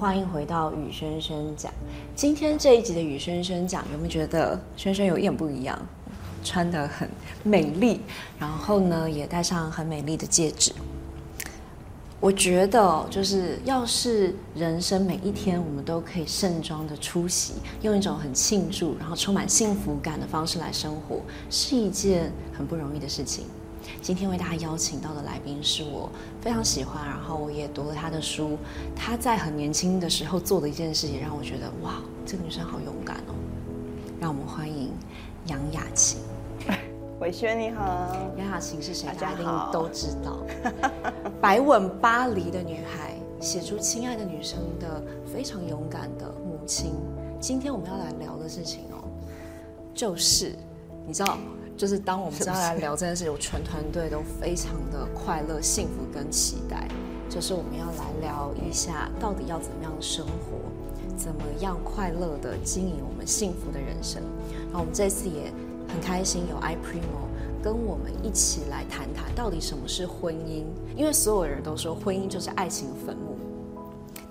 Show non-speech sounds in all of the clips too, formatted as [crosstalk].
歡迎回到與軒軒講。今天這一集的與軒軒講，有沒有覺得軒軒有一點不一樣？穿得很美麗，然後呢也戴上很美麗的戒指。我覺得哦，就是要是人生每一天我們都可以盛裝的出席，用一種很慶祝，然後充滿幸福感的方式來生活，是一件很不容易的事情。今天為大家邀請到的來賓是我非常喜歡，然後我也讀了他的書。他在很年輕的時候做的一件事情，讓我覺得哇，這個女生好勇敢哦！讓我們歡迎楊雅晴、瑋軒你好。楊雅晴是誰？大家一定都知道，百吻巴黎的女孩，寫出《親愛的女生》的非常勇敢的母親。今天我們要來聊的事情哦，就是你知道就是當我們這樣來聊這件事，我全團隊都非常的快樂、幸福跟期待。就是我們要來聊一下，到底要怎麼樣的生活，怎麼樣快樂的經營我們幸福的人生。然後我們這次也很開心，有 I-PRIMO 跟我們一起來談談到底什麼是婚姻，因為所有人都說婚姻就是愛情的墳墓。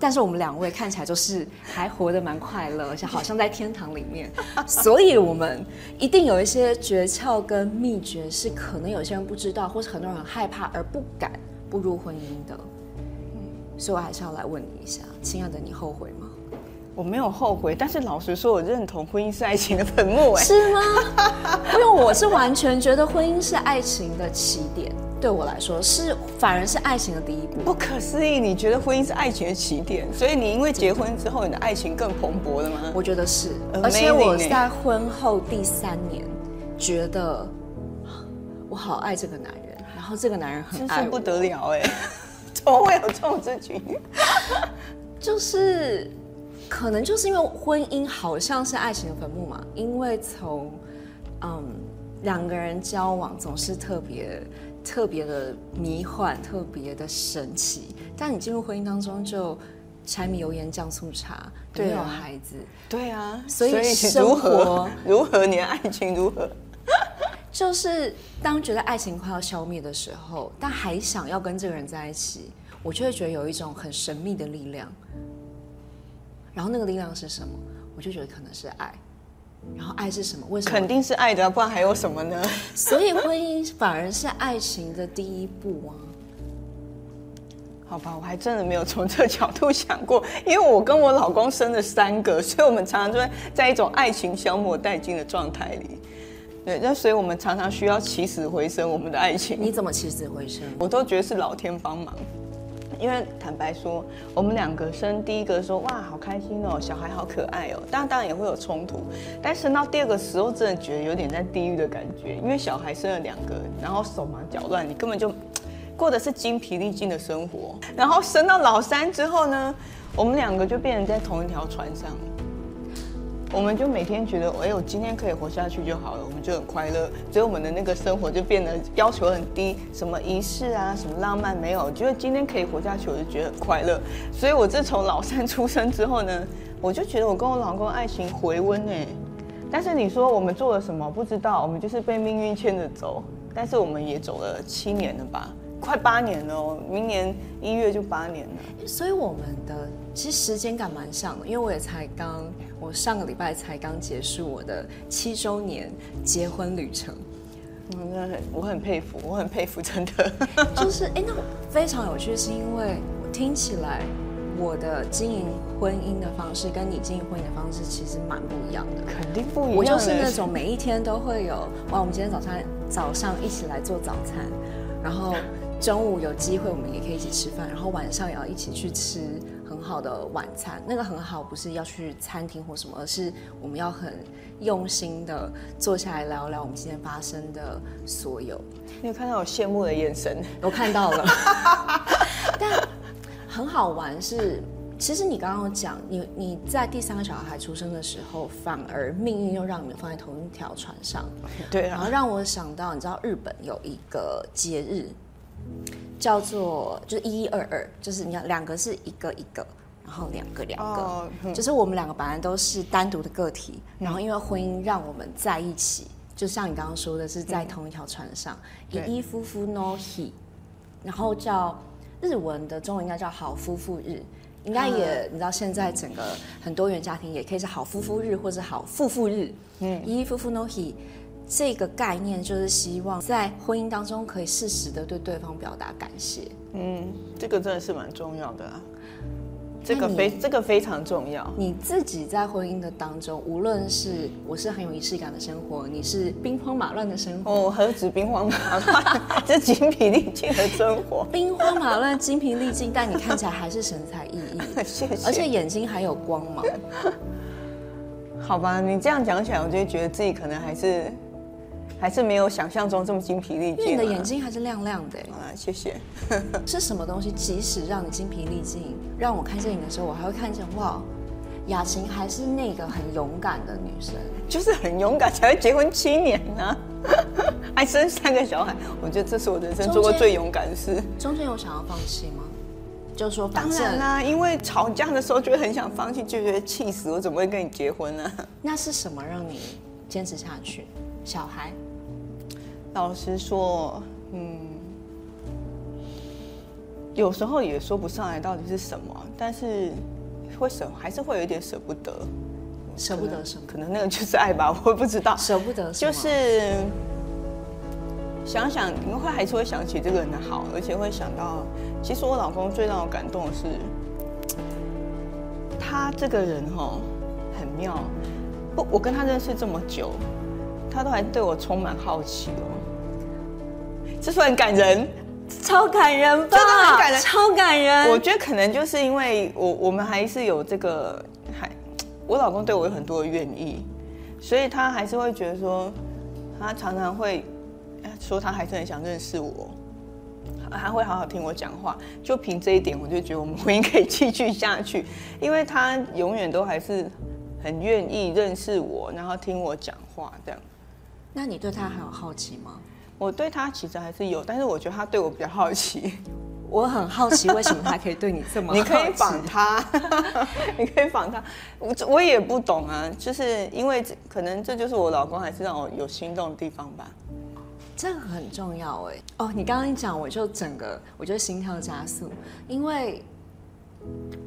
但是我們兩位看起來就是還活得蠻快樂，而且好像在天堂裡面，所以我們一定有一些訣竅跟秘訣是可能有些人不知道，或是很多人很害怕而不敢步入婚姻的。嗯，所以我還是要來問你一下，親愛的，你後悔嗎？我沒有後悔，但是老實說，我認同婚姻是愛情的墳墓。哎，是嗎？因為我是完全覺得婚姻是愛情的起點。對我來說，是反而是愛情的第一步。不可思議，你覺得婚姻是愛情的起點，所以你因為結婚之後，你的愛情更蓬勃了嗎？我覺得是，而且我在婚後第三年，覺得我好愛這個男人，然後這個男人很愛我，就是，不得了哎！怎麼會有這種事情？就是可能就是因為婚姻好像是愛情的墳墓嘛，因為從嗯兩個人交往總是特別。特別的迷幻，特別的神奇。但你進入婚姻當中，就柴米油鹽醬醋茶，啊，沒有孩子，對啊，所以生活如何？如何你的愛情如何？ [laughs] 就是當覺得愛情快要消滅的時候，但還想要跟這個人在一起，我就會覺得有一種很神秘的力量。然後那個力量是什麼？我就覺得可能是愛。然後愛是什麼？為什麼？肯定是愛的啊，不然還有什麼呢？所以婚姻反而是愛情的第一步啊。 [laughs] 好吧，我還真的沒有從這個角度想過，因為我跟我老公生了三個，所以我們常常就在一種愛情消磨殆盡的狀態裡。對，那所以我們常常需要起死回生我們的愛情。你怎麼起死回生？我都覺得是老天幫忙。因為坦白說，我們兩個生第一個，說哇好開心哦，小孩好可愛哦，當然當然也會有衝突。但生到第二個時候，真的覺得有點在地獄的感覺，因為小孩生了兩個，然後手忙腳亂，你根本就過的是筋疲力盡的生活。然後生到老三之後呢，我們兩個就變成在同一條船上。我們就每天覺得，哎、欸，我今天可以活下去就好了，我們就很快樂，所以我們的那個生活就變得要求很低，什麼儀式啊，什麼浪漫沒有，覺得今天可以活下去我就覺得很快樂。所以我自從老三出生之後呢，我就覺得我跟我老公愛情回溫哎，但是你說我們做了什麼？不知道，我們就是被命運牽着走，但是我們也走了七年了吧，快八年了哦，明年一月就八年了。所以我們的。其實時間感蠻像的，因為我也才剛，我上個禮拜才剛結束我的七周年結婚旅程。我真的很，我很佩服，我很佩服，真的。 [laughs] 就是哎，那非常有趣，是因為我聽起來我的經營婚姻的方式跟你經營婚姻的方式其實蠻不一樣的。肯定不一樣的，我就是那種每一天都會有哇，我們今天早上早上一起來做早餐，然後中午有機會我們也可以一起吃飯，然後晚上也要一起去吃。很好的晚餐，那個很好，不是要去餐廳或什麼，而是我們要很用心的坐下來聊聊我們今天發生的所有。你有看到我羨慕的眼神？嗯，都看到了。 [laughs] 但很好玩是，其實你剛剛有講，你你在第三個小孩出生的時候，反而命運又讓你們放在同一條船上。對啊。然後讓我想到，你知道日本有一個節日。叫做就是一一二二，就是你要兩個是一個一個，然後兩個兩個，哦，就是我們兩個本來都是單獨的個體，嗯、然後因為婚姻讓我們在一起，嗯，就像你剛剛說的是在同一條船上，一，嗯、一夫婦 no he，然後叫日文的中文應該叫好夫婦日，應該也，嗯、你知道現在整個很多元家庭也可以是好夫婦日，嗯、或者好夫婦日，嗯，一夫婦 no he。這個概念就是希望在婚姻當中可以適時的對對方表達感謝。嗯，這個真的是蠻重要的，啊，這個非這個非常重要。你自己在婚姻的當中，無論是我是很有儀式感的生活，你是兵荒馬亂的生活，哦，我何止兵荒馬亂，這精疲力盡的生活。兵荒馬亂、精疲力盡，但你看起來還是神采奕奕， [laughs] 謝謝，而且眼睛還有光芒。 [laughs] 好吧，你這樣講起來，我就會覺得自己可能還是。還是沒有想象中這麼精疲力盡、啊，你的眼睛還是亮亮的。好了，謝謝。 [laughs] 是什麼東西即使讓你精疲力盡？讓我看見你的時候，我還會看見哇，雅晴還是那個很勇敢的女生，就是很勇敢才會結婚七年呢、啊， [laughs] 還生三個小孩。我覺得這是我人生做過最勇敢的事。中間有想要放棄嗎？就說當然啦，因為吵架的時候就很想放棄，就覺得氣死，我怎麼會跟你結婚呢、啊？那是什麼讓你堅持下去？小孩，老實說，嗯，有時候也說不上來到底是什麼，但是會捨，還是會有一點捨不得。捨不得什麼？可能那個就是愛吧，我不知道。捨不得什麼？就是想想你們會還是會想起這個人的好，而且會想到，其實我老公最讓我感動的是，他這個人哦，很妙，不，我跟他認識這麼久。他都還對我充滿好奇哦，這算很感人，超感人吧？真的很感人，超感人。我覺得可能就是因為我、我們還是有這個，還我老公對我有很多的願意，所以他還是會覺得說，他常常會說他還是很想認識我，他會好好聽我講話。就憑這一點，我就覺得我們婚姻可以繼續下去，因為他永遠都還是很願意認識我，然後聽我講話這樣。那你對他還有好奇嗎？我對他其實還是有，但是我覺得他對我比較好奇。我很好奇為什麼他可以對你這麼好奇…… [laughs] 你可以仿他， [laughs] 你可以仿他。我我也不懂啊，就是因為可能這就是我老公還是讓我有心動的地方吧。這個、很重要哎、欸！哦、oh，你剛剛一講，我就整個我覺得心跳加速，因為。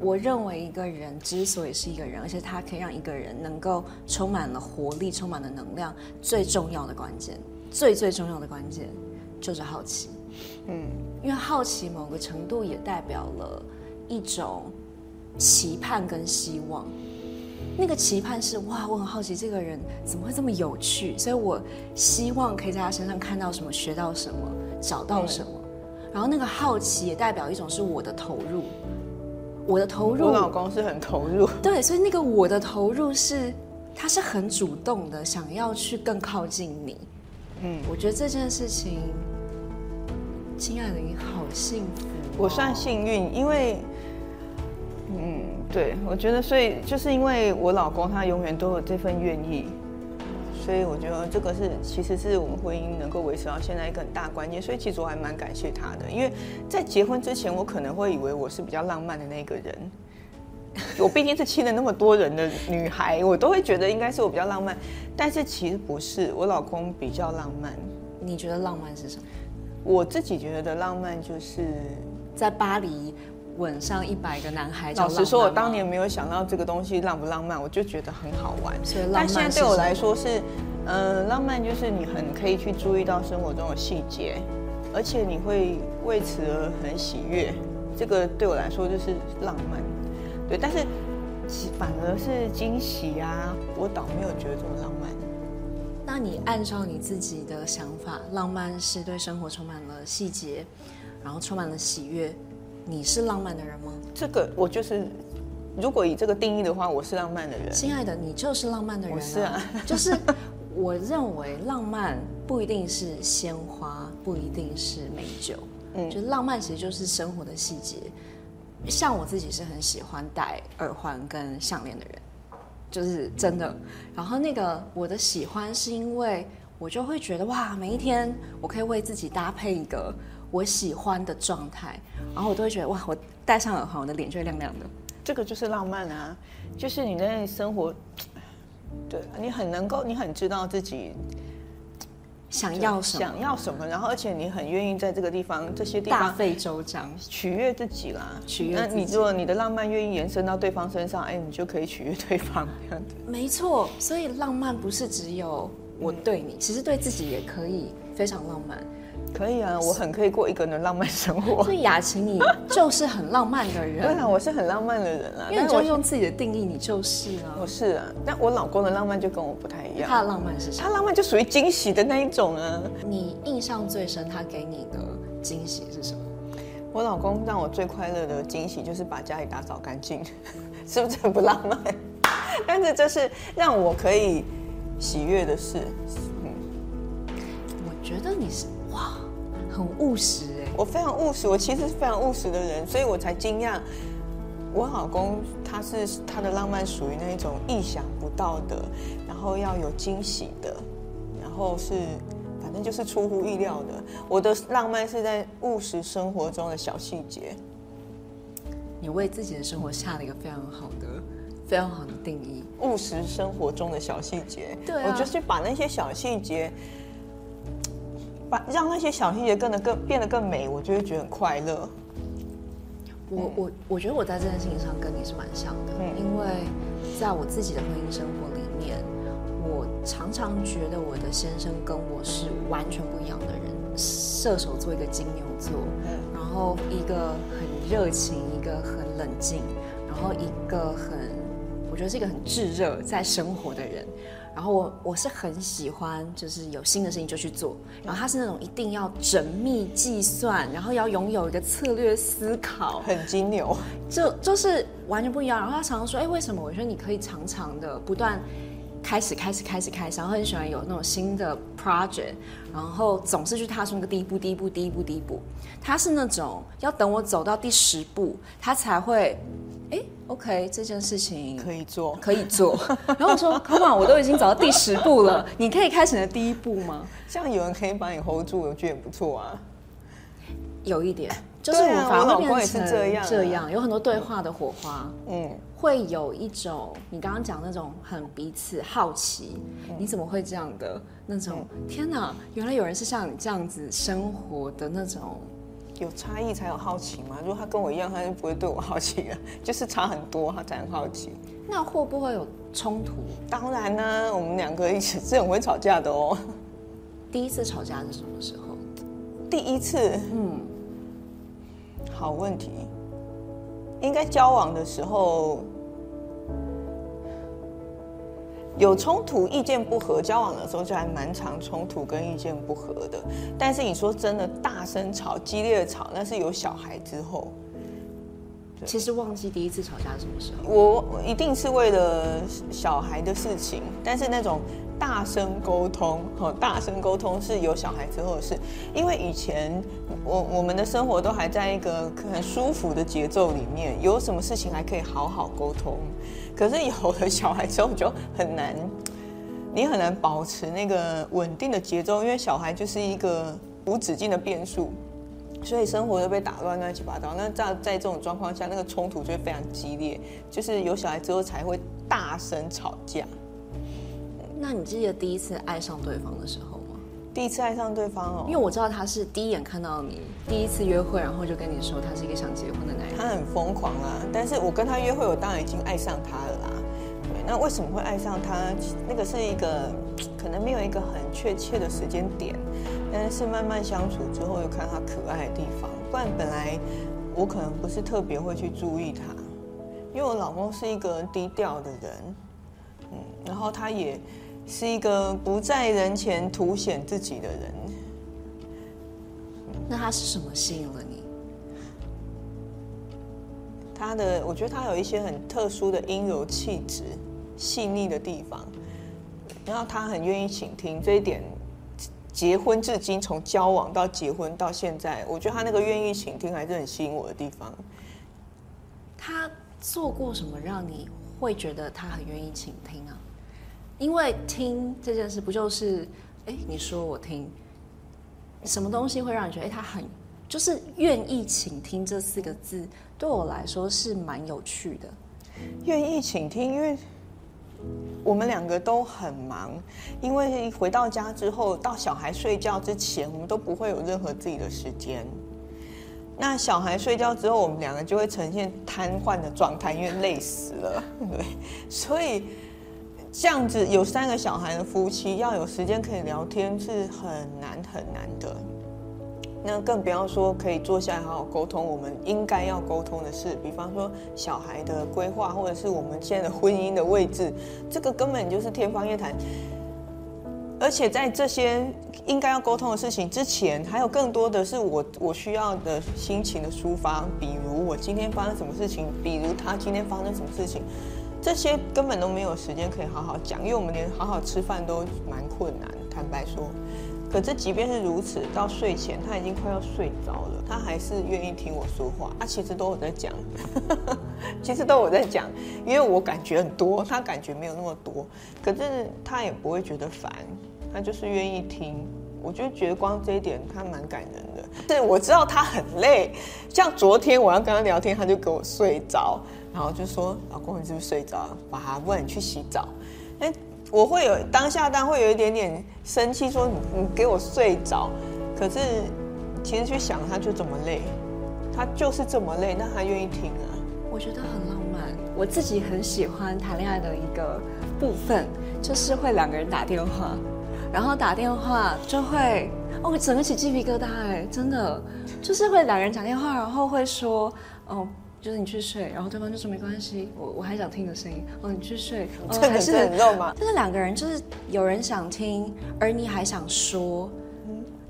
我認為一個人之所以是一個人，而且他可以讓一個人能夠充滿了活力、充滿了能量，最重要的關鍵，最最重要的關鍵，就是好奇。嗯，因為好奇某個程度也代表了一種期盼跟希望。那個期盼是哇，我很好奇這個人怎麼會這麼有趣，所以我希望可以在他身上看到什麼、學到什麼、找到什麼。嗯，然後那個好奇也代表一種是我的投入。我的投入，我老公是很投入，對，所以那個我的投入是，他是很主動的，想要去更靠近你。嗯，我覺得這件事情，親愛的你，好幸福哦！我算幸運，因為，嗯，對，我覺得，所以就是因為我老公他永遠都有這份願意。所以我覺得這個是，其實是我們婚姻能夠維持到現在一個很大關鍵。所以其實我還蠻感謝他的，因為在結婚之前，我可能會以為我是比較浪漫的那個人，我畢竟是親了那麼多人的女孩，我都會覺得應該是我比較浪漫，但是其實不是，我老公比較浪漫。你覺得浪漫是什麼？我自己覺得的浪漫就是在巴黎。吻上一百個男孩子。老實說，我當年沒有想到這個東西浪不浪漫，我就覺得很好玩。浪漫但現在對我來說是，嗯、呃，浪漫就是你很可以去注意到生活中的細節，而且你會為此而很喜悅。這個對我來說就是浪漫，對。但是，反而是驚喜啊！我倒沒有覺得這麼浪漫。那你按照你自己的想法，浪漫是對生活充滿了細節，然後充滿了喜悅，你是浪漫的人嗎？這個我就是，如果以這個定義的話，我是浪漫的人。親愛的，你就是浪漫的人啊。我是啊， [laughs] 就是我認為浪漫不一定是鮮花，不一定是美酒，嗯，就浪漫其實就是生活的細節、嗯。像我自己是很喜歡戴耳環跟項鏈的人，就是真的。嗯、然後那個我的喜歡是因為我就會覺得哇，每一天我可以為自己搭配一個。我喜歡的狀態，然後我都會覺得哇，我戴上耳環，我的臉就會亮亮的。這個就是浪漫啊，就是你那生活，對你很能夠，你很知道自己想要什麼，想要什麼，然後而且你很願意在這個地方、嗯、這些地方大費周章取悅自己啦，取悅自己。那你如果你的浪漫願意延伸到對方身上，哎，你就可以取悅對方這樣的。沒錯，所以浪漫不是只有我對你，嗯、其實對自己也可以非常浪漫。可以啊，我很可以過一個人的浪漫生活。所以雅晴，你就是很浪漫的人。對 [laughs] 啊，我是很浪漫的人啊。因為我用自己的定義，你就是啊。但我是啊。那我，我老公的浪漫就跟我不太一樣。他的浪漫是什麼？他浪漫就屬於驚喜的那一種啊。你印象最深，他給你的驚喜是什麼？我老公讓我最快樂的驚喜就是把家裡打掃乾淨， [laughs] 是不是很不浪漫？ [laughs] 但是這是讓我可以喜悅的事。嗯，我覺得你是。哇，很務實哎、欸！我非常務實，我其實是非常務實的人，所以我才驚訝，我老公他是他的浪漫屬於那一種意想不到的，然後要有驚喜的，然後是反正就是出乎意料的。我的浪漫是在務實生活中的小細節。你為自己的生活下了一個非常好的、非常好的定義——務實生活中的小細節。對、啊，我就是把那些小細節。讓那些小細節變得更變得更美，我就會覺得很快樂。我我我覺得我在這件事情上跟你是蠻像的、嗯，因為在我自己的婚姻生活裡面，我常常覺得我的先生跟我是完全不一樣的人，射手座一個金牛座、嗯，然後一個很熱情，一個很冷靜，然後一個很我覺得是一個很炙熱在生活的人。然後我我是很喜歡，就是有新的事情就去做。然後他是那種一定要縝密計算，然後要擁有一個策略思考，很金牛。就就是完全不一樣。然後他常常說：“哎、欸，為什麼？”我覺得你可以常常的不斷開始，開始，開始，開始。然後很喜歡有那種新的 project，然後總是去踏出那個第一步，第一步，第一步，第一步。他是那種要等我走到第十步，他才會。哎，OK，這件事情可以做，可以做。然後我說 [laughs] Come on，我都已經走到第十步了， [laughs] 你可以開始的第一步嗎？這樣有人可以把你 hold 住，我覺得也不錯啊。有一點，就是我反而會變成這樣，啊這樣啊，有很多對話的火花，嗯，嗯會有一種你剛剛講的那種很彼此好奇，嗯、你怎麼會這樣的那種、嗯？天哪，原來有人是像你這樣子生活的那種。有差異才有好奇嘛。如果他跟我一樣，他就不會對我好奇了。就是差很多，他才很好奇。那會不會有衝突？當然啦，啊，我們兩個一起是很會吵架的哦。第一次吵架是什麼時候？第一次，嗯，好問題，應該交往的時候。有衝突、意見不合、交往的時候就還蠻常衝突跟意見不合的。但是你說真的大聲吵、激烈的吵，那是有小孩之後。其實忘記第一次吵架是什麼時候。我一定是為了小孩的事情。但是那種大聲溝通，吼，大聲溝通是有小孩之後的事，因為以前我我們的生活都還在一個很舒服的節奏裡面，有什麼事情還可以好好溝通。可是有了小孩之後就很難，你很難保持那個穩定的節奏，因為小孩就是一個無止境的變數，所以生活就被打亂、亂七八糟。那在在這種狀況下，那個衝突就會非常激烈，就是有小孩之後才會大聲吵架。那你記得第一次愛上對方的時候？第一次愛上對方哦，因為我知道他是第一眼看到你，第一次約會，然後就跟你說他是一個想結婚的男人。他很瘋狂啊，但是我跟他約會，我當然已經愛上他了啦。對，那為什麼會愛上他？那個是一個可能沒有一個很確切的時間點，但是慢慢相處之後，又看到他可愛的地方。不然本來我可能不是特別會去注意他，因為我老公是一個低調的人，嗯，然後他也。是一個不在人前凸顯自己的人，那他是什麼吸引了你？他的，我覺得他有一些很特殊的陰柔氣質、細膩的地方，然後他很願意傾聽這一點。結婚至今，從交往到結婚到現在，我覺得他那個願意傾聽還是很吸引我的地方。他做過什麼讓你會覺得他很願意傾聽啊？因為聽這件事不就是誒，你說我聽，什麼東西會讓你覺得誒他很就是願意傾聽這四個字對我來說是蠻有趣的。願意傾聽，因為我們兩個都很忙，因為回到家之後到小孩睡覺之前，我們都不會有任何自己的時間。那小孩睡覺之後，我們兩個就會呈現癱瘓的狀態，因為累死了。對，所以。這樣子有三個小孩的夫妻，要有時間可以聊天是很難很難的。那更不要說可以坐下來好好溝通，我們應該要溝通的事，比方說小孩的規劃，或者是我們現在的婚姻的位置，這個根本就是天方夜譚。而且在這些應該要溝通的事情之前，還有更多的是我我需要的心情的抒發，比如我今天發生什麼事情，比如他今天發生什麼事情。這些根本都沒有時間可以好好講，因為我們連好好吃飯都蠻困難，坦白說。可這即便是如此，到睡前他已經快要睡着了，他還是願意聽我說話。他其實都有在講，其實都有在， [laughs] 在講，因為我感覺很多，他感覺沒有那麼多。可是他也不會覺得煩，他就是願意聽。我就覺得光這一點，他蠻感人的。是，我知道他很累，像昨天我要跟他聊天，他就給我睡着。然後就說：“老公，你是不是睡着了？”，把他問去洗澡。哎、欸，我會有當下，但會有一點點生氣說，說：“你給我睡着。”可是，其實去想，他就這麼累，他就是這麼累，那他願意聽啊？我覺得很浪漫。我自己很喜歡談戀愛的一個部分，就是會兩個人打電話，然後打電話就會哦，我整個起雞皮疙瘩哎，真的，就是會兩個人講電話，然後會說哦。就是你去睡，然後對方就說沒關係，我我還想聽你的聲音。哦，你去睡，哦、還是很肉麻。就是兩個人，就是有人想聽，而你還想說，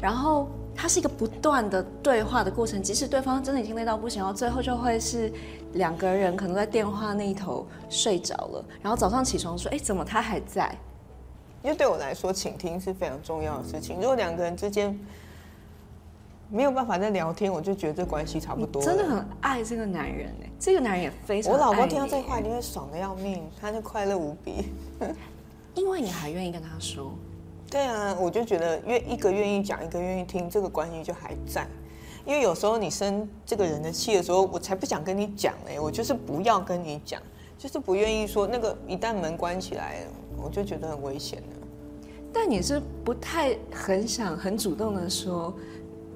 然後它是一個不斷的對話的過程。即使對方真的已經累到不行，然後最後就會是兩個人可能在電話那一頭睡着了。然後早上起床說，哎，怎麼他還在？因為對我來說，傾聽是非常重要的事情。嗯、如果兩個人之間，沒有辦法再聊天，我就覺得這關係差不多。真的很愛這個男人這個男人也非常愛。我老公聽到這話，一定會爽得要命，他就快樂無比。 [laughs] 因為你還願意跟他說？對啊，我就覺得願一個願意講，一個願意聽，這個關係就還在。因為有時候你生這個人的氣的時候，我才不想跟你講哎，我就是不要跟你講，就是不願意說那個一旦門關起來，我就覺得很危險了。但你是不太很想很主動的說。嗯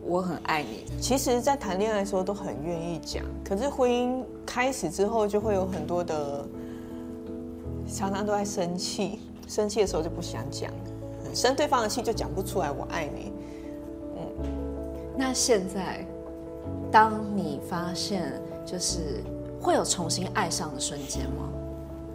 我很愛你。其實，在談戀愛的時候都很願意講，可是婚姻開始之後，就會有很多的，常常都在生氣，生氣的時候就不想講，生對方的氣就講不出來“我愛你”。嗯，那現在，當你發現，就是會有重新愛上的瞬間嗎？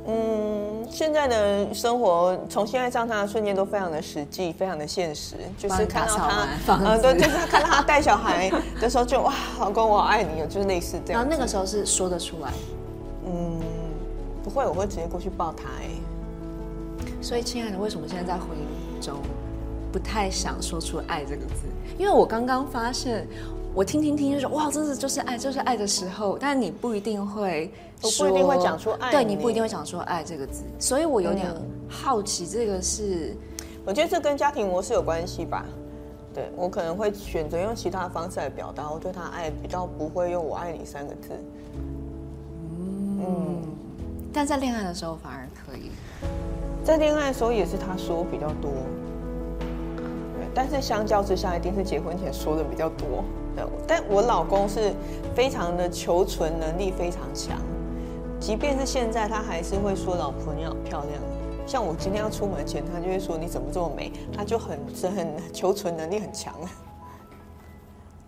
嗯，現在的生活從現在上他的瞬間都非常的實際，非常的現實。就是看到他，嗯、呃，對，就是看到他帶小孩的時候就，就哇，老公，我愛你，就是類似這樣。然後那個時候是說得出來。嗯，不會，我會直接過去抱他。所以，親愛的，為什麼現在在婚姻中不太想說出“愛”這個字？因為我剛剛發現。我聽聽聽就說哇，真的就是愛，就是愛的時候，但你不一定會說，我不一定會講出愛，對，你不一定會講出愛這個字，所以我有點好奇這個是，嗯、我覺得這跟家庭模式有關係吧。對，我可能會選擇用其他的方式來表達，我覺得他愛比較不會用我愛你三個字。嗯，嗯，但在戀愛的時候反而可以，在戀愛的時候也是他說比較多，對，但是相較之下一定是結婚前說的比較多。但我老公是非常的求存能力非常強，即便是現在他還是會說，老婆你好漂亮。像我今天要出門前，他就會說你怎麼這麼美，他就很很求存能力很強。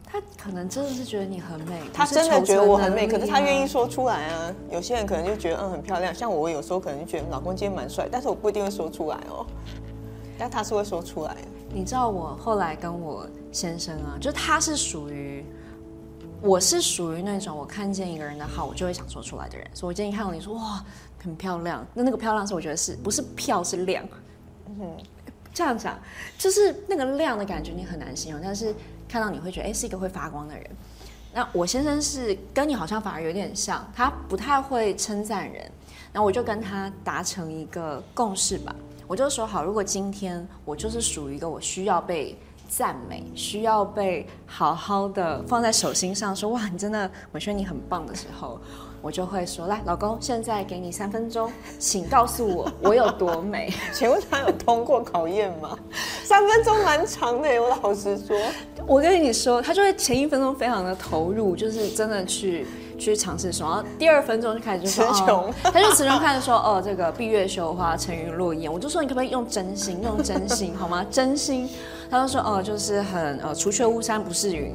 他可能真的是覺得你很美，他真的覺得我很美，是啊，可是他願意說出來啊。有些人可能就覺得嗯很漂亮，像我，我有時候可能就覺得老公今天蠻帥，但是我不一定會說出來哦。但他是會說出來的。你知道我後來跟我先生啊，就他是屬於，我是屬於那種我看見一個人的好，我就會想說出來的人。所以我今天看到你說哇，很漂亮，那那個漂亮是我覺得是不是「漂」是「亮」，嗯哼，這樣講，就是那個亮的感覺你很難形容，但是看到你會覺得哎是一個會發光的人。那我先生是跟你好像反而有點像，他不太會稱讚人，那我就跟他達成一個共識吧。我就說好，如果今天我就是屬於一個我需要被讚美、需要被好好的放在手心上，說哇，你真的，我覺得你很棒的時候，我就會說，來，老公，現在給你三分鐘，請告訴我我有多美。 [laughs] 請問他有通過考驗嗎？三分鐘蠻長的欸，我老實說。我跟你說，他就會前一分鐘非常的投入，就是真的去。去嘗試說，然後第二分鐘就開始詞窮、哦，他就始終看着說：“哦，這個閉月羞花，沉魚落雁。”我就說：“你可不可以用真心？用真心好嗎？真心？”他就說：“哦、呃，就是很……呃，除卻巫山不是雲。”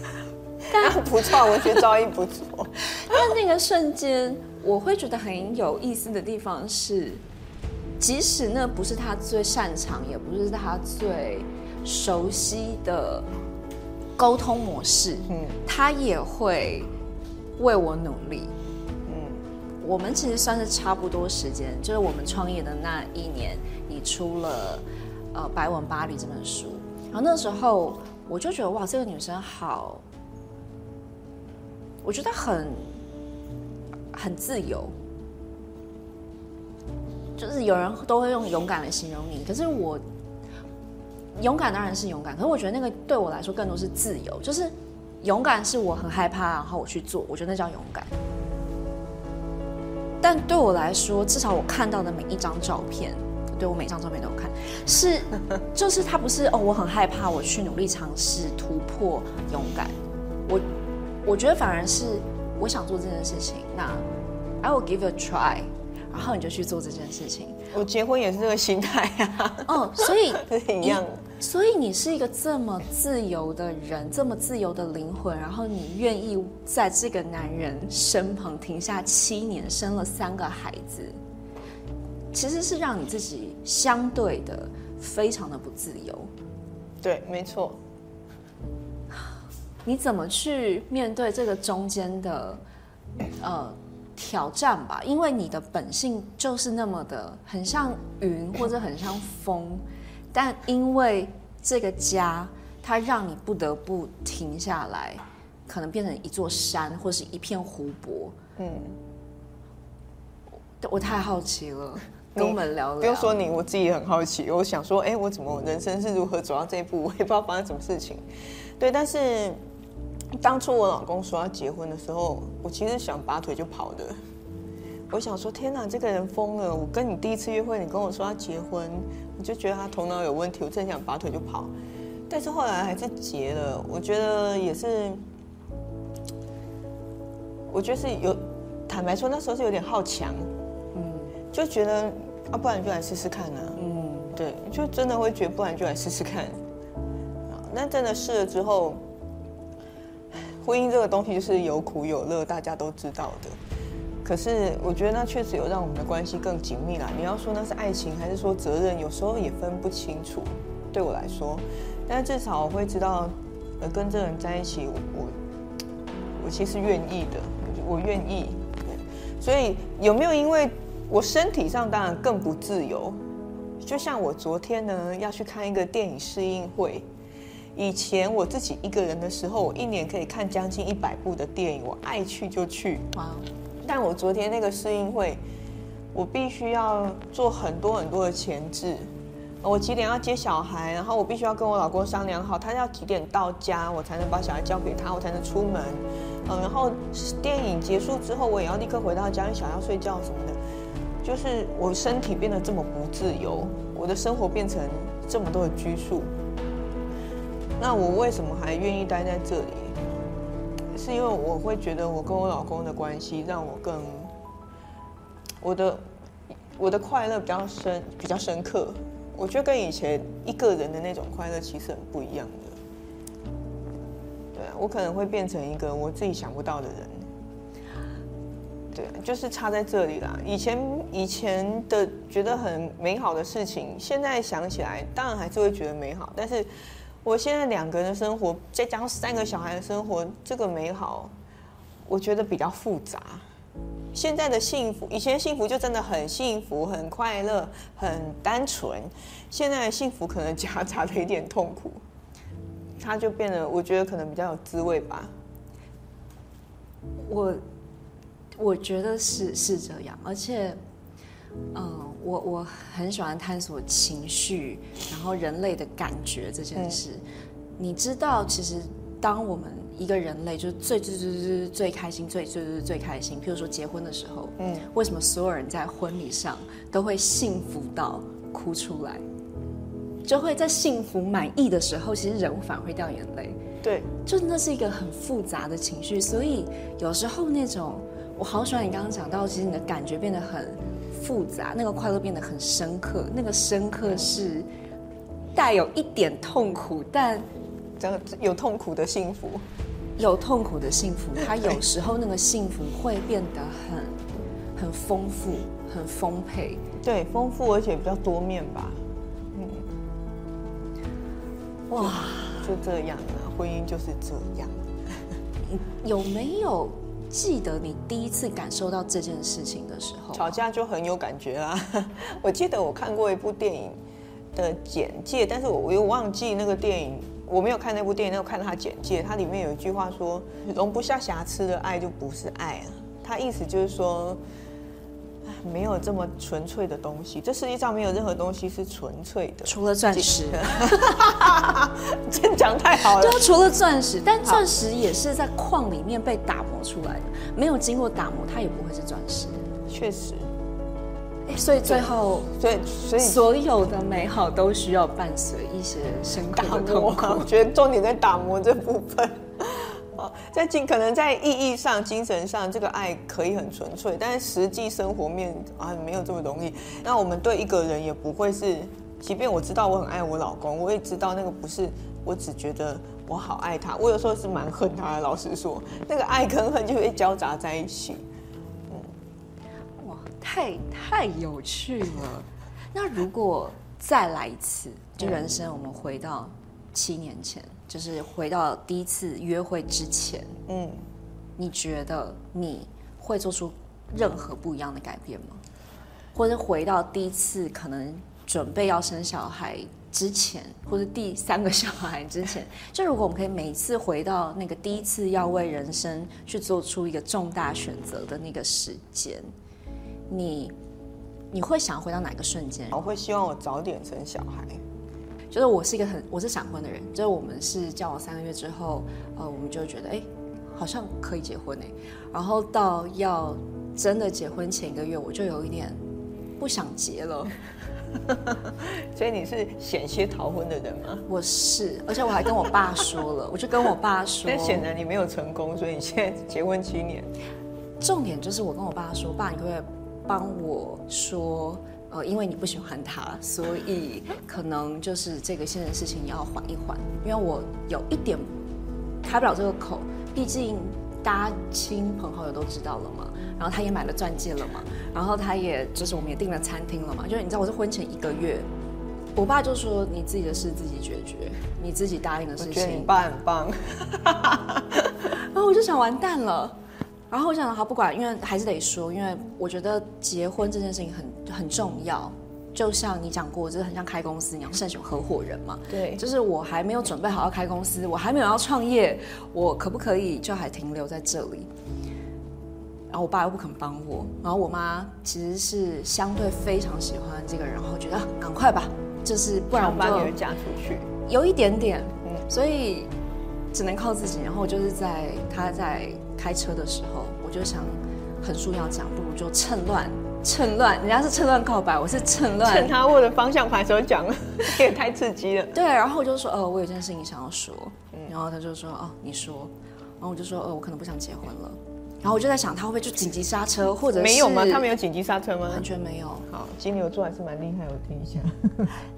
[laughs] 但但不錯，我覺得造詣不錯。 [laughs] 但那個瞬間，我會覺得很有意思的地方是，即使那不是他最擅長，也不是他最熟悉的溝通模式，嗯，他也會，為我努力，嗯，我們其實算是差不多時間，就是我們創業的那一年，你出了呃《百吻巴黎》這本書，然後那時候我就覺得哇，這個女生好，我覺得很很自由，就是有人都會用勇敢來形容你，可是我勇敢當然是勇敢，可是我覺得那個對我來說更多是自由，就是。勇敢是我很害怕，然後我去做，我覺得那叫勇敢。但對我來說，至少我看到的每一張照片，對我每一張照片都有看，是就是他不是哦，我很害怕，我去努力嘗試突破勇敢。我我覺得反而是我想做這件事情，那 I will give you a try，然後你就去做這件事情。我結婚也是這個心態啊。哦，所以一樣的。所以你是一個這麼自由的人，這麼自由的靈魂，然後你願意在這個男人身旁停下七年，生了三個孩子，其實是讓你自己相對的非常的不自由。對，沒錯。你怎麼去面對這個中間的呃挑戰吧？因為你的本性就是那麼的很像雲，或者很像風。但因為這個家，它讓你不得不停下來，可能變成一座山，或者是一片湖泊。嗯，我，我太好奇了，跟我們聊聊。不用說你，我自己也很好奇。我想說，哎、欸，我怎麼我人生是如何走到這一步？我也不知道發生什麼事情。對，但是當初我老公說要結婚的時候，我其實想拔腿就跑的。我想說，天哪，這個人瘋了！我跟你第一次約會，你跟我說要結婚，我就覺得他頭腦有問題。我正想拔腿就跑，但是後來還是結了。我覺得也是，我覺得是有，坦白說那時候是有點好強，嗯，就覺得啊，不然就來試試看啊，嗯，對，就真的會覺得不然就來試試看。那真的試了之後，婚姻，這個東西就是有苦有樂，大家都知道的。可是我覺得那確實有讓我們的關係更緊密啦。你要說那是愛情，還是說責任？有時候也分不清楚。對我來說，但至少我會知道，呃，跟這個人在一起，我，我，我其實願意的，我願意。對，所以有沒有因為我身體上當然更不自由？就像我昨天呢要去看一個電影試映會。以前我自己一個人的時候，我一年可以看將近一百部的電影，我愛去就去，啊。但我昨天那個試映會，我必須要做很多很多的前置。我幾點要接小孩，然後我必須要跟我老公商量好，他要幾點到家，我才能把小孩交給他，我才能出門。嗯，然後電影結束之後，我也要立刻回到家，因為小孩要睡覺什麼的。就是我身體變得這麼不自由，我的生活變成這麼多的拘束。那我為什麼還願意待在這裡？是因為我會覺得我跟我老公的關係讓我更，我的我的快樂比較深，比較深刻。我覺得跟以前一個人的那種快樂其實很不一樣的。對啊，我可能會變成一個我自己想不到的人。對，就是差在這裡啦。以前以前的覺得很美好的事情，現在想起來當然還是會覺得美好，但是。我現在兩個人的生活，再加上三個小孩的生活，這個美好，我覺得比較複雜。現在的幸福，以前幸福就真的很幸福，很快樂，很單純。現在的幸福可能夾雜了一點痛苦，它，就變得我覺得可能比較有滋味吧。我，我覺得是是這樣，而且。嗯、uh，我我很喜歡探索情緒，然後人類的感覺這件事。嗯、你知道，其實當我們一個人類，就是最最最最最開心，最最最最開心。譬如說結婚的時候，嗯，為什麼所有人在婚禮上都會幸福到哭出來？就會在幸福滿意的時候，其實人反而會掉眼淚。對，就那是一個很複雜的情緒，所以有時候那種，我好喜歡你剛剛講到，其實你的感覺變得很。複雜，那個快樂變得很深刻，那個深刻是帶有一點痛苦，但有痛苦的幸福，有痛苦的幸福，它有時候那個幸福會變得很很豐富，很豐沛，對，豐富而且比較多面吧，嗯，哇，就這樣啊，婚姻就是這樣，有沒有？記得你第一次感受到這件事情的時候啊，吵架就很有感覺啦啊。我記得我看過一部電影的簡介，但是我我又忘記那個電影，我沒有看那部電影，但我看了它簡介，它裡面有一句話說：“容不下瑕疵的愛就不是愛啊”，它意思就是說。沒有這麼純粹的東西，這世界上沒有任何東西是純粹的，除了鑽石。真 [laughs] 講太好了，就除了鑽石，但鑽石也是在礦裡面被打磨出來的，沒有經過打磨，它也不會是鑽石的。確實，欸，所以最後，所以所以所有的美好都需要伴隨一些深刻的痛苦。啊，我覺得重點在打磨這部分。在盡可能在意義上、精神上，這個愛可以很純粹，但是實際生活面啊，沒有這麼容易。那我們對一個人也不會是，即便我知道我很愛我老公，我也知道那個不是，我只覺得我好愛他。我有時候是蠻恨他的，老實說，這、那個愛跟恨就會交雜在一起。嗯、哇，太太有趣了。 [laughs] 那如果再來一次，就人生，我們回到七年前。就是回到第一次約會之前，嗯，你覺得你會做出任何不一樣的改變嗎？或者回到第一次可能準備要生小孩之前，或者第三個小孩之前，就如果我們可以每次回到那個第一次要為人生去做出一個重大選擇的那個時間，你你會想回到哪個瞬間？我會希望我早點生小孩。就是我是一個很，我是閃婚的人，就是我們是交往三個月之後，呃，我們就覺得哎、欸，好像可以結婚呢、欸。然後到要真的結婚前一個月，我就有一點不想結了， [laughs] 所以你是險些逃婚的人嗎？我是，而且我還跟我爸說了， [laughs] 我就跟我爸說，那顯然你沒有成功，所以你現在結婚七年，重點就是我跟我爸說，爸，你可不可以幫我說。因為你不喜歡他，所以可能就是這個現在的事情要緩一緩。因為我有一點開不了這個口，畢竟大家親朋好友都知道了嘛，然後他也買了鑽戒了嘛，然後他也就是我們也訂了餐廳了嘛，就是你知道我是婚前一個月，我爸就說，你自己的事自己解決，你自己答應的事情。我覺得你爸很棒。啊， [laughs] 然後我就想完蛋了。然後我想的他不管，因為還是得說，因為我覺得結婚這件事情很很重要、嗯。就像你講過，就是很像開公司一樣，是一種合夥人嘛。對。就是我還沒有準備好要開公司，我還沒有要創業，我可不可以就還停留在這裡？然後我爸又不肯幫我，然後我媽其實是相對非常喜歡這個人，然後覺得、啊、趕快吧，就是不然我們把女兒嫁出去，有一點點、嗯。所以只能靠自己。然後就是在他在。開車的時候，我就想，橫豎要講，不如就趁亂，趁亂，人家是趁亂告白，我是趁亂，趁他握着方向盤時候講，也太刺激了。對，然後我就說，呃、哦，我有件事情想要說，然後他就說，哦，你說，然後我就說，呃、哦，我可能不想結婚了。然後我就在想，他會不會就緊急剎車，或者是沒有嗎？他沒有緊急剎車嗎？完全沒有。好，金牛座還是蠻厲害，我聽一下。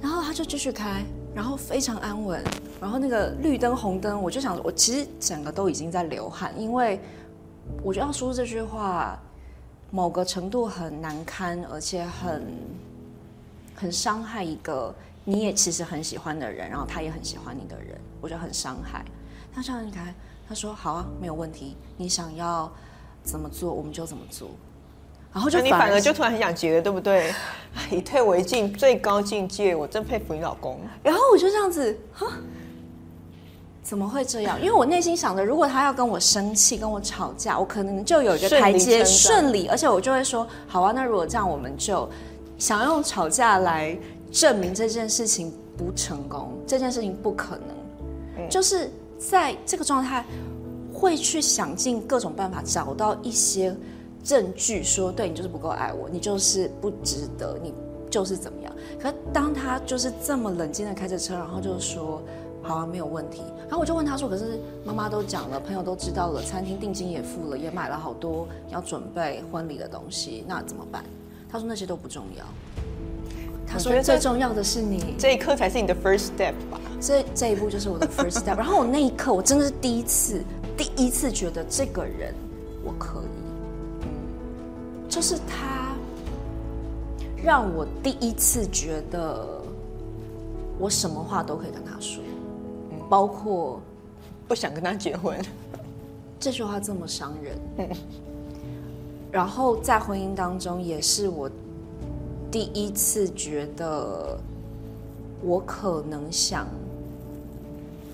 然後他就繼續開，然後非常安穩。然後那個綠燈、紅燈，我就想，我其實整個都已經在流汗，因為我就要說這句話，某個程度很難堪，而且很很傷害一個你也其實很喜歡的人，然後他也很喜歡你的人，我覺得很傷害。他上台，他說好啊，沒有問題，你想要怎麼做我們就怎麼做，然後就反、啊、你反而就突然很想結了，對不對？以退為進，最高境界，我真佩服你老公。然後我就這樣子，哈，怎麼會這樣？因為我內心想着，如果他要跟我生氣、跟我吵架，我可能就有一個台階順利，順利，而且我就會說：好啊，那如果這樣，我們就想要用吵架來證明這件事情不成功，嗯、這件事情不可能，就是在這個狀態。會去想盡各種辦法找到一些證據說，說對，你就是不夠愛我，你就是不值得，你就是怎麼樣。可是當他就是這麼冷靜的開着車，然後就說，好啊，沒有問題。然後我就問他說，可是媽媽都講了，朋友都知道了，餐廳定金也付了，也買了好多要準備婚禮的東西，那怎麼辦？他說那些都不重要，他說最重要的是你這一刻才是你的 first step 吧。這這一步就是我的 first step。 [laughs] 然後我那一刻，我真的是第一次。第一次覺得這個人我可以，就是他讓我第一次覺得我什麼話都可以跟他說，包括不想跟他結婚，這句話這麼傷人，然後在婚姻當中也是我第一次覺得我可能想。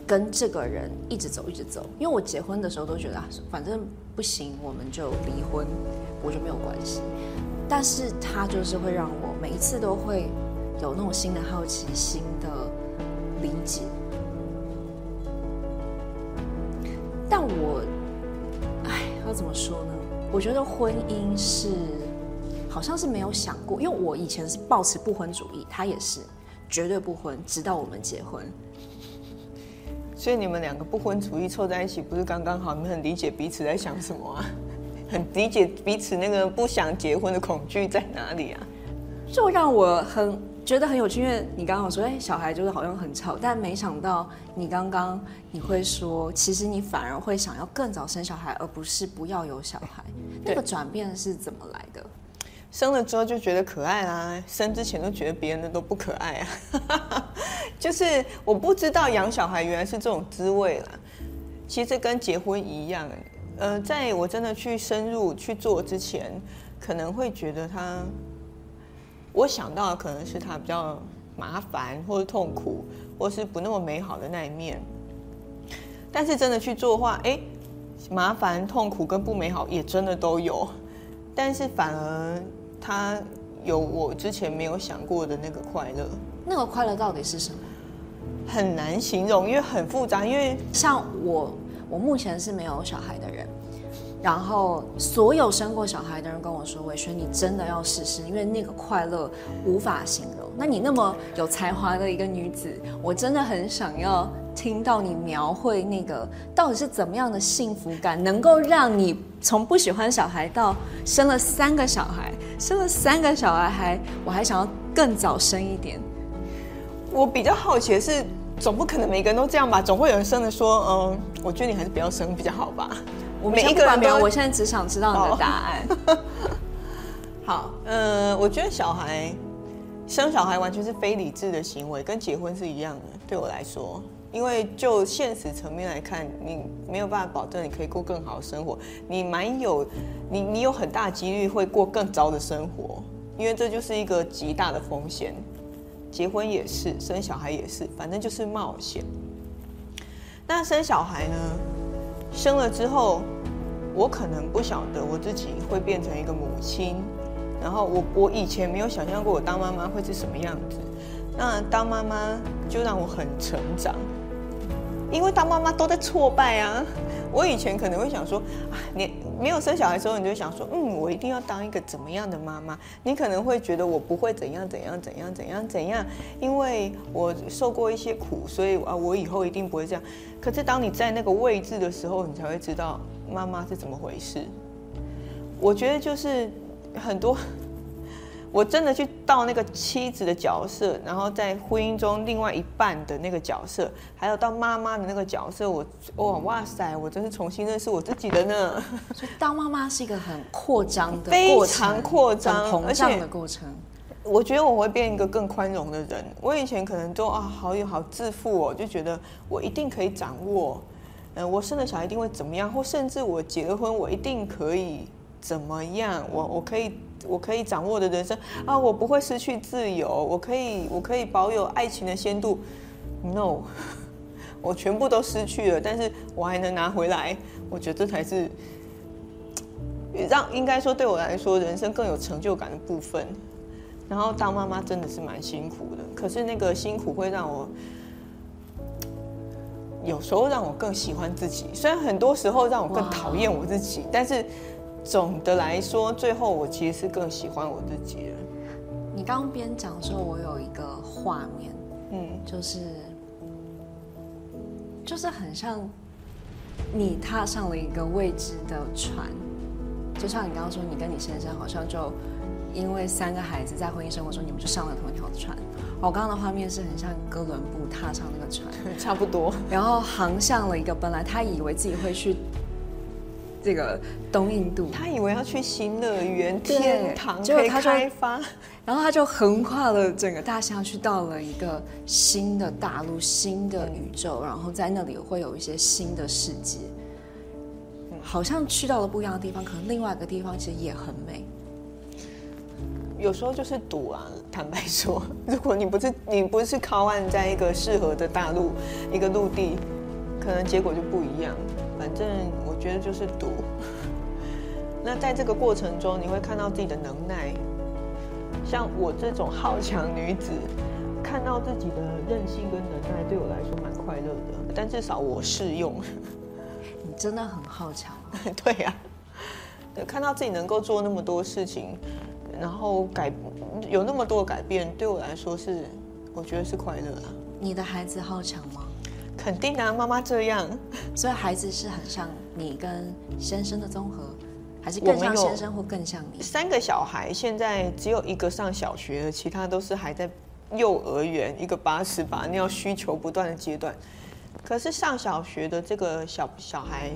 跟這個人一直走，一直走。因為我結婚的時候都覺得啊，反正不行，我們就離婚，我就沒有關係。但是他就是會讓我每一次都會有那種新的好奇心的理解。但我，哎，要怎麼說呢？我覺得婚姻是，好像是沒有想過，因為我以前是抱持不婚主義，他也是絕對不婚，直到我們結婚。所以你們兩個不婚主義湊在一起，不是剛剛好？你們很理解彼此在想什麼啊？很理解彼此那個不想結婚的恐懼在哪裡啊？就讓我很覺得很有趣，因為你剛剛說，哎，小孩就是好像很吵，但沒想到你剛剛你會說，其實你反而會想要更早生小孩，而不是不要有小孩。那個轉變是怎麼來的？生了之後就覺得可愛啦，啊，生之前都覺得別人的都不可愛啊。 [laughs] 就是我不知道養小孩原來是這種滋味啦，其實跟結婚一樣，欸，呃，在我真的去深入去做之前，可能會覺得他，我想到的可能是他比較麻煩或者痛苦，或是不那麼美好的那一面，但是真的去做的話，哎，欸，麻煩、痛苦跟不美好也真的都有，但是反而他。有我之前沒有想過的那個快樂，那個快樂到底是什麼？很難形容，因為很複雜。因為像我，我目前是沒有小孩的人。然後，所有生過小孩的人跟我說：“瑋軒，你真的要試試，因為那個快樂無法形容。”那你那麼有才華的一個女子，我真的很想要聽到你描繪那個到底是怎麼樣的幸福感，能夠讓你從不喜歡小孩到生了三個小孩，生了三個小孩還，我還想要更早生一點。我比較好奇的是，總不可能每個人都這樣吧？總會有人生的說：“嗯、呃，我覺得你還是不要生比較好吧。”我每一個別人，我現在只想知道你的答案。好， [laughs] 好呃，我覺得小孩生小孩完全是非理智的行為，跟結婚是一樣的。對我來說，因為就現實層面來看，你沒有辦法保證你可以過更好的生活，你蠻有，你你有很大幾率會過更糟的生活，因為這就是一個極大的風險。結婚也是，生小孩也是，反正就是冒險。那生小孩呢？生了之後，我可能不曉得我自己會變成一個母親，然後我我以前沒有想象過我當媽媽會是什麼樣子，那當媽媽就讓我很成長，因為當媽媽都在挫敗啊。我以前可能會想說，啊，你沒有生小孩的時候，你就想說，嗯，我一定要當一個怎麼樣的媽媽。你可能會覺得我不會怎樣怎樣怎樣怎樣怎樣，因為我受過一些苦，所以啊，我以後一定不會這樣。可是當你在那個位置的時候，你才會知道媽媽是怎麼回事。我覺得就是很多。我真的去到那個妻子的角色，然後在婚姻中另外一半的那個角色，還有到媽媽的那個角色，我哇哇塞，我真是重新認識我自己的呢。所以當媽媽是一個很擴張的過程、非常擴張、很膨脹的過程。我覺得我會變一個更寬容的人。嗯、我以前可能都啊好有好自負哦，就覺得我一定可以掌握、呃，我生的小孩一定會怎麼樣，或甚至我結婚我一定可以怎麼樣，我我可以。我可以掌握的人生啊，我不會失去自由，我可以，我可以保有愛情的鮮度。No，我全部都失去了，但是我還能拿回來。我覺得這才是讓應該說對我來說，人生更有成就感的部分。然後當媽媽真的是蠻辛苦的，可是那個辛苦會讓我有時候讓我更喜歡自己，雖然很多時候讓我更討厭我自己，但是。總的來說，最後我其實是更喜歡我自己了。你剛剛邊講的時候，我有一個畫面，嗯，就是，就是很像你踏上了一個未知的船，就像你剛剛說，你跟你先生好像就因為三個孩子在婚姻生活中，你們就上了同一條船。我剛剛的畫面是很像哥倫布踏上那個船，差不多。然後航向了一個本來他以為自己會去。這個東印度，他以為要去新樂園天堂，結果他開發，就 [laughs] 然後他就橫跨了整個大西洋，去到了一個新的大陸、新的宇宙、嗯，然後在那裡會有一些新的世界。好像去到了不一樣的地方，可能另外一個地方其實也很美。有時候就是賭啊，坦白說，如果你不是你不是靠岸在一個適合的大陸、嗯、一個陸地，可能結果就不一樣。反正。我覺得就是賭。那在這個過程中，你會看到自己的能耐。像我這種好強女子，看到自己的韌性跟能耐，對我來說蠻快樂的。但至少我試用。你真的很好強、啊。 [laughs] 對呀、啊。看到自己能夠做那麼多事情，然後改有那麼多改變，對我來說是我覺得是快樂的、啊。你的孩子好強嗎？肯定啊，媽媽這樣。所以孩子是很像你跟先生的綜合，還是更像先生或更像你？三個小孩現在只有一個上小學，其他都是還在幼兒園，一個把屎把尿需求不斷的階段。可是上小學的這個小小孩，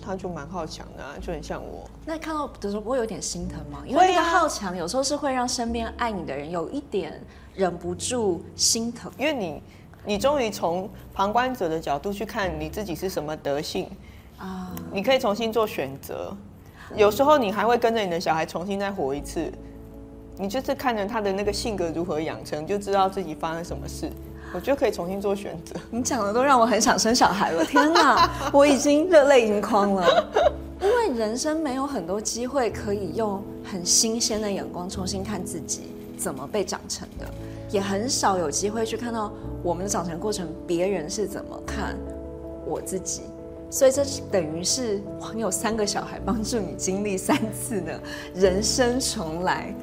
他就蠻好強的啊，就很像我。那看到的時候不會有點心疼嗎？因為那個好強有時候是會讓身邊愛你的人有一點忍不住心疼，因為你。你終於從旁觀者的角度去看你自己是什麼德性，啊，你可以重新做選擇。有時候你還會跟着你的小孩重新再活一次，你就是看着他的那個性格如何養成，就知道自己發生什麼事，我就可以重新做選擇。你講的都讓我很想生小孩了，天哪，我已經熱淚盈眶了，因為人生沒有很多機會可以用很新鮮的眼光重新看自己，怎麼被長成的，也很少有機會去看到我們的長成過程，別人是怎麼看我自己，所以這等於是你有三個小孩幫助你經歷三次的人生重來，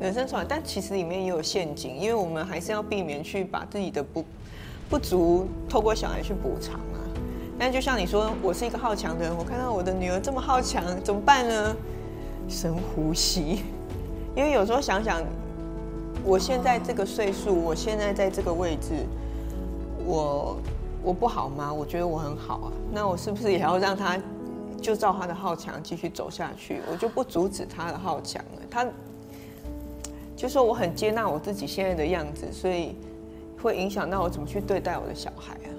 人生重來，但其實裡面也有陷阱，因為我們還是要避免去把自己的不不足透過小孩去補償啊。但就像你說，我是一個好強的人，我看到我的女兒這麼好強，怎麼辦呢？深呼吸， [laughs] 因為有時候想想。我現在這個歲數，我現在在這個位置，我我不好嗎？我覺得我很好啊。那我是不是也要讓他就照他的好強繼續走下去？我就不阻止他的好強了。他就是說，我很接納我自己現在的樣子，所以會影響到我怎麼去對待我的小孩啊？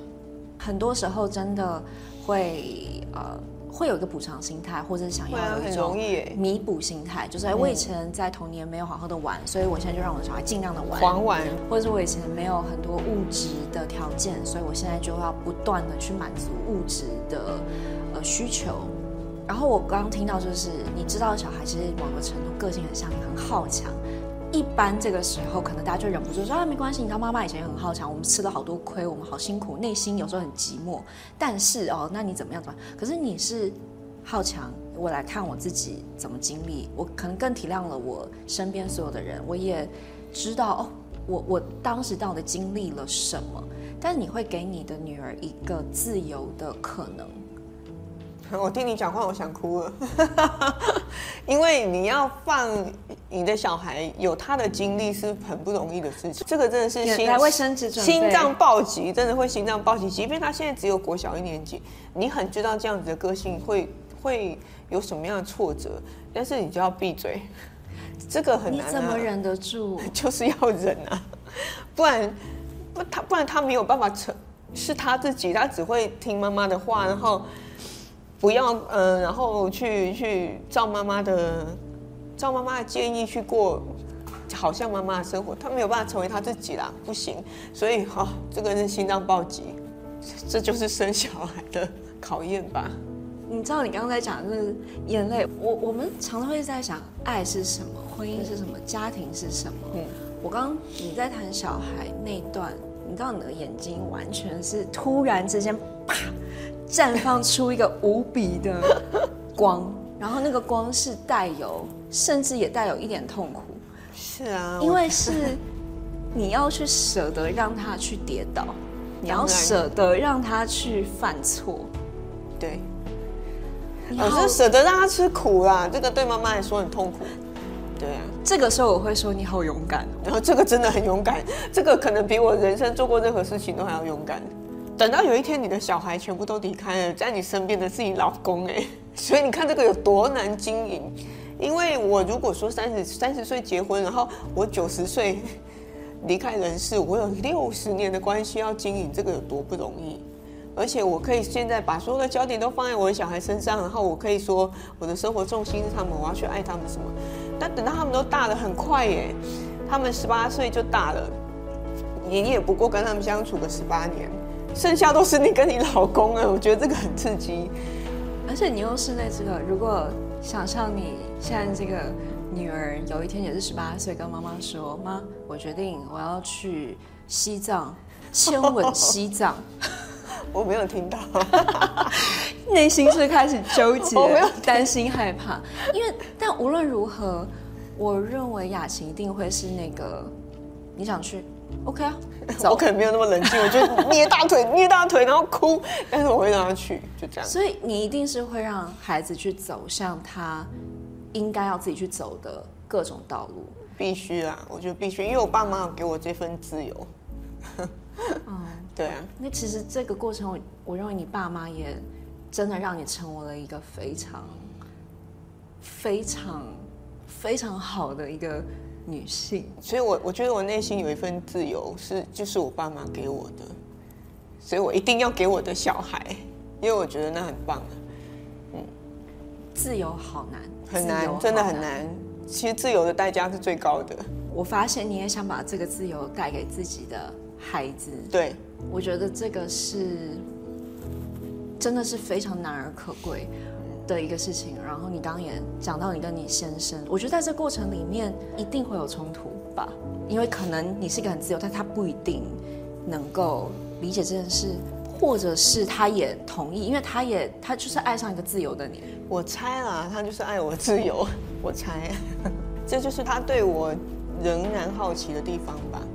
很多時候真的會呃。會有一個補償心態，或者是想要有一種彌補心態，就是哎，我以前在童年沒有好好的玩，嗯，所以我現在就讓我的小孩儘量的玩，狂玩，或者是我以前沒有很多物質的條件，所以我現在就要不斷的去滿足物質的、呃、需求。然後我剛剛聽到就是，你知道的小孩其實某個程度個性很像你，很好強。一般這個時候，可能大家就忍不住說啊，沒關係，你知道媽媽以前也很好強，我們吃了好多虧，我們好辛苦，內心有時候很寂寞。但是哦，那你怎麼樣怎麼樣？可是你是好強，我來看我自己怎麼經歷，我可能更體諒了我身邊所有的人，我也知道哦，我我當時到底經歷了什麼。但是你會給你的女兒一個自由的可能。我聽你講話，我想哭了， [laughs] 因為你要放你的小孩有他的經歷是很不容易的事情。這個真的是心，心臟暴擊，真的會心臟暴擊。即便他現在只有國小一年級，你很知道這樣子的個性會會有什麼樣的挫折，但是你就要閉嘴，這個很難。你怎麼忍得住？就是要忍啊，不然不他不然他沒有辦法成是他自己，他只會聽媽媽的話，然後。不要嗯、呃，然後去去照媽媽的，照媽媽的建議去過，好像媽媽的生活，他沒有辦法成為他自己啦，不行，所以哈、哦，這個是心臟暴擊這，這就是生小孩的考驗吧。你知道你剛才講的是眼淚，我我們常常會在想，愛是什麼，婚姻是什麼，家庭是什麼。嗯，我剛你在談小孩那一段。你知道你的眼睛完全是突然之間，啪，綻放出一個無比的光， [laughs] 然後那個光是帶有，甚至也帶有一點痛苦。是啊，因為是你要去捨得讓他去跌倒，你 [laughs] 要捨得讓他去犯錯，對，我是、哦、捨得讓他吃苦啦。 [laughs] 這個對媽媽來說很痛苦。對啊，這個時候我會說，你好勇敢哦，然後這個真的很勇敢，這個可能比我人生做過任何事情都還要勇敢。等到有一天你的小孩全部都離開了，在你身邊的是你老公哎，所以你看這個有多難經營？因為我如果說三十三十歲結婚，然後我九十歲離開人世，我有六十年的關係要經營，這個有多不容易？而且我可以現在把所有的焦點都放在我的小孩身上，然後我可以說我的生活重心是他們，我要去愛他們什麼？但等到他們都大了，很快耶，他們十八歲就大了，你也不過跟他們相處個十八年，剩下都是你跟你老公，我覺得這個很刺激，而且你又是那這如果想象，你現在這個女兒有一天也是十八歲，跟媽媽說，媽，我決定我要去西藏，親吻西藏。 [laughs] 我沒有聽到，內 [laughs] [laughs] 心是開始糾結，我沒有擔心害怕，因為但無論如何，我認為雅晴一定會是那個你想去，OK 啊，走。我可能沒有那麼冷靜，我就捏大腿 [laughs] 捏大腿，然後哭，但是我會讓他去，就這樣。所以你一定是會讓孩子去走向他應該要自己去走的各種道路，必須啊，我覺得必須，因為我爸媽有給我這份自由。嗯。 [laughs] [laughs] 對啊，那其實這個過程我，我我認為你爸媽也真的讓你成為了一個非常、非常、非常好的一個女性。所以我，我我覺得我內心有一份自由是就是我爸媽給我的，所以我一定要給我的小孩，因為我覺得那很棒啊。嗯，自由好難，很難，難真的很難。其實，自由的代價是最高的。我發現你也想把這個自由帶給自己的。孩子，對，我覺得這個是真的是非常難而可貴的一個事情。然後你剛剛也講到你跟你先生，我覺得在這過程裡面一定會有衝突吧，因為可能你是一個很自由，但他不一定能夠理解這件事，或者是他也同意，因為他也他就是愛上一個自由的你。我猜啦，他就是愛我自由，我猜， [laughs] 這就是他對我仍然好奇的地方吧。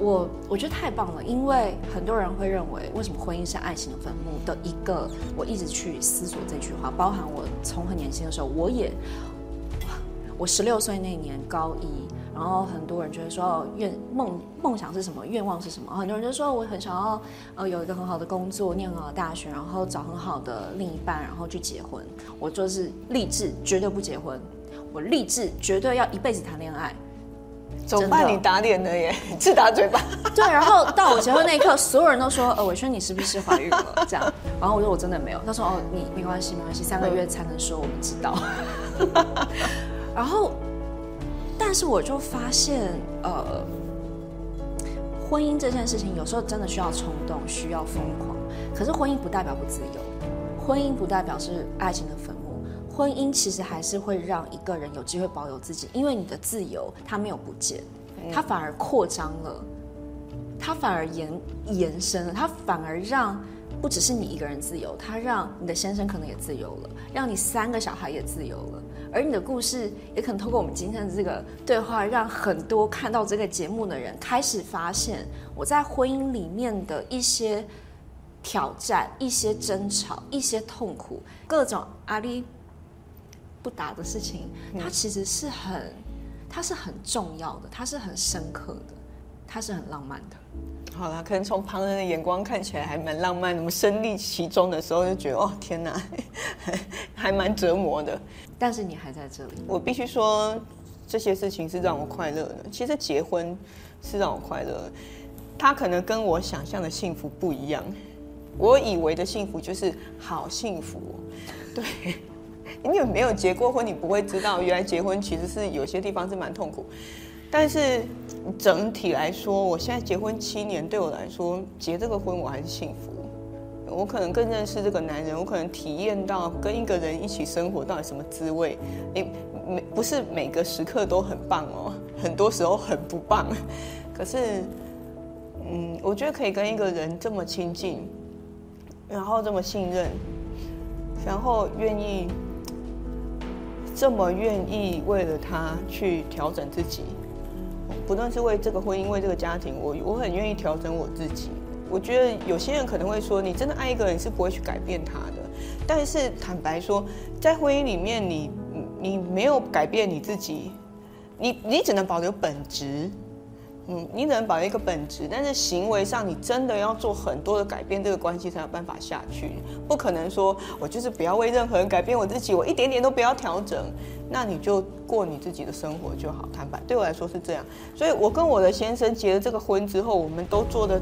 我我覺得太棒了，因為很多人會認為，為什麼婚姻是愛情的墳墓的一個？我一直去思索這句話，包含我從很年輕的時候，我也，我十六歲那年高一，然後很多人覺得說願，願夢夢想是什麼？願望是什麼？很多人就說我很想要呃有一個很好的工作，念好大學，然後找很好的另一半，然後去結婚。我就是立志絕對不結婚，我立志絕對要一輩子談戀愛。怎麼辦？你打臉了耶，自打嘴巴。對，然後到我結婚那一刻，所有人都說：“呃，瑋軒，你是不是懷孕了？”這樣，然後我說：“我真的沒有。”他說：“哦，你沒關係，沒關係，三個月才能說我們知道。嗯” [laughs] 然後，但是我就發現，呃，婚姻這件事情有時候真的需要衝動，需要瘋狂。可是婚姻不代表不自由，婚姻不代表是愛情的墳。婚姻其實還是會讓一個人有機會保有自己，因為你的自由它沒有不見，它反而擴張了，它反而延延伸了，它反而讓不只是你一個人自由，它讓你的先生可能也自由了，讓你三個小孩也自由了，而你的故事也可能透過我們今天的這個對話，讓很多看到這個節目的人開始發現我在婚姻裡面的一些挑戰、一些爭吵、一些痛苦、各種阿力。不打的事情，它其實是很，它是很重要的，它是很深刻的，它是很浪漫的。好了，可能從旁人的眼光看起來還蠻浪漫，那麼身歷其中的時候就覺得，哦，天哪，還，還蠻折磨的。但是你還在這裡，我必須說，這些事情是讓我快樂的。其實結婚是讓我快樂的，它可能跟我想象的幸福不一樣。我以為的幸福就是好幸福，對。你有沒有結過婚？你不會知道，原來結婚其實是有些地方是蠻痛苦。但是整體來說，我現在結婚七年，對我來說，結這個婚我還是幸福。我可能更認識這個男人，我可能體驗到跟一個人一起生活到底什麼滋味。也每不是每個時刻都很棒哦，很多時候很不棒。可是，嗯，我覺得可以跟一個人這麼親近，然後這麼信任，然後願意。這麼願意為了他去調整自己，不論是為這個婚姻，為這個家庭，我我很願意調整我自己。我覺得有些人可能會說，你真的愛一個人，你是不會去改變他的。但是坦白說，在婚姻裡面你，你你沒有改變你自己，你你只能保留本質。嗯，你只能保一個本質，但是行為上你真的要做很多的改變，這個關係才有辦法下去。不可能說我就是不要為任何人改變我自己，我一點點都不要調整，那你就過你自己的生活就好。坦白，對我來說是這樣。所以我跟我的先生結了這個婚之後，我們都做的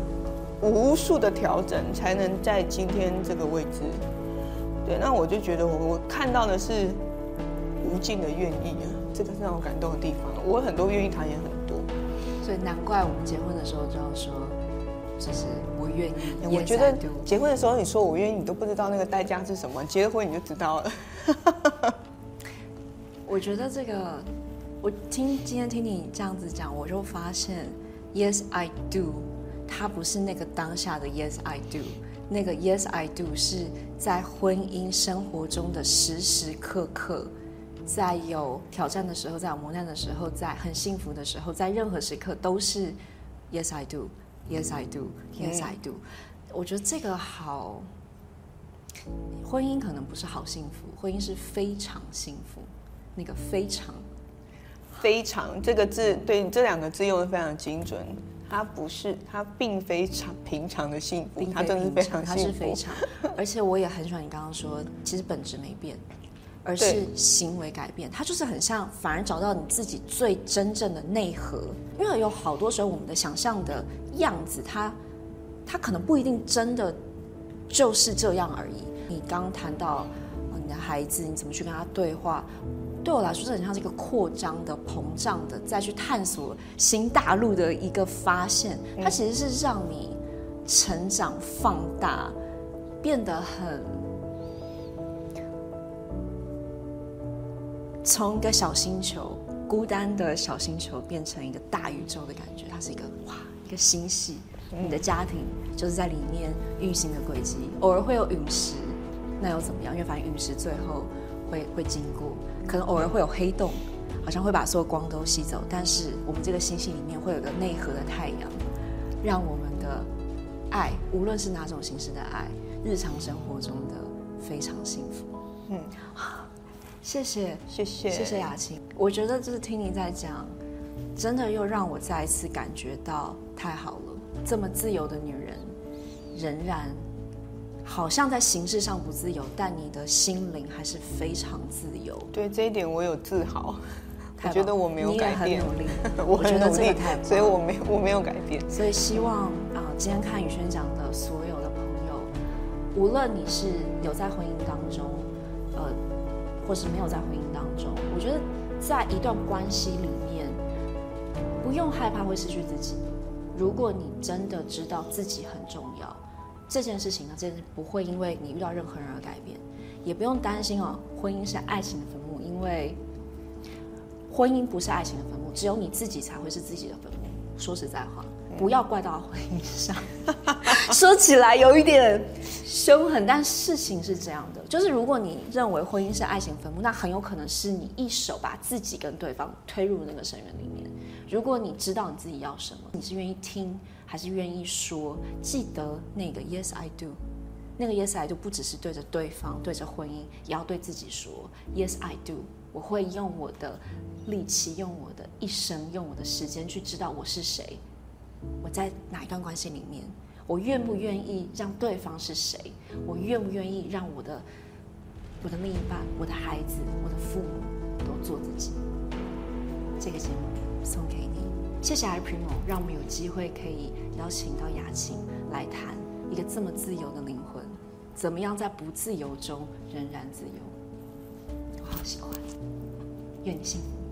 無數的調整，才能在今天這個位置。對，那我就覺得我我看到的是無盡的願意，啊，這個是讓我感動的地方。我很多願意談也很。所以難怪我們結婚的時候就要說，就是我願意。我覺得結婚的時候你說我願意，你都不知道那個代價是什麼，結了婚你就知道了。 [laughs] 我覺得這個，我聽今天聽你這樣子講，我就發現，Yes I do，它不是那個當下的 Yes I do，那個 Yes I do 是在婚姻生活中的時時刻刻。在有挑戰的時候，在有磨難的時候，在很幸福的時候，在任何時刻都是，Yes I do，Yes I do，Yes I do, yes, I do, yes, I do.、嗯。我覺得這個好，婚姻可能不是好幸福，婚姻是非常幸福，那個非常、嗯、非常這個字，對這兩個字用得非常精準。它不是，它並非常平常的幸福，它真的是非常幸福，它是非常。而且我也很喜歡你剛剛說，其實本質沒變。而是行為改變，它就是很像，反而找到你自己最真正的內核。因為有好多時候，我們的想象的樣子，它，它可能不一定真的就是這樣而已。你剛談到，哦，你的孩子，你怎麼去跟他對話？對我來說，這很像是一個擴張的、膨脹的，再去探索新大陸的一個發現。它其實是讓你成長、放大，變得很。從一個小星球，孤單的小星球，變成一個大宇宙的感覺，它是一個哇，一個星系，你的家庭就是在裡面運行的軌跡，偶爾會有隕石，那又怎麼樣？因為反正隕石最後會會經過，可能偶爾會有黑洞，好像會把所有光都吸走，但是我們這個星系裡面會有個內核的太陽，讓我們的愛，無論是哪種形式的愛，日常生活中的非常幸福，嗯。謝謝，謝謝，謝謝雅晴，我覺得就是聽你在講，真的又讓我再一次感覺到太好了。這麼自由的女人，仍然好像在形式上不自由，但你的心靈還是非常自由。對這一點，我有自豪。我覺得我沒有改變，你很努， [laughs] 很努力，我很努力，所以我沒有，我沒有改變。所以希望啊、呃，今天看軒軒講的所有的朋友，okay。無論你是有在婚姻當中，呃。或是沒有在婚姻當中，我覺得在一段關係裡面，不用害怕會失去自己。如果你真的知道自己很重要，這件事情呢，真的不會因為你遇到任何人而改變，也不用擔心哦，婚姻是愛情的墳墓，因為婚姻不是愛情的墳墓，只有你自己才會是自己的墳墓。說實在話，Okay. 不要怪到婚姻上。 [laughs] 說起來有一點凶狠，但事情是這樣的，就是如果你認為婚姻是愛情墳墓，那很有可能是你一手把自己跟對方推入那個深淵裡面。如果你知道你自己要什麼，你是願意聽還是願意說？記得那個 Yes I do，那個 Yes I do 不只是對着對方、對着婚姻，也要對自己說 Yes I do。我會用我的力氣，用我的一生，用我的時間去知道我是誰，我在哪一段關係裡面。我願不願意讓對方是誰？我願不願意讓我的、我的另一半、我的孩子、我的父母都做自己？這個節目送給你，謝謝 I-PRIMO 讓我們有機會可以邀請到雅晴來談一個這麼自由的靈魂，怎麼樣在不自由中仍然自由？我好喜歡，願你幸福。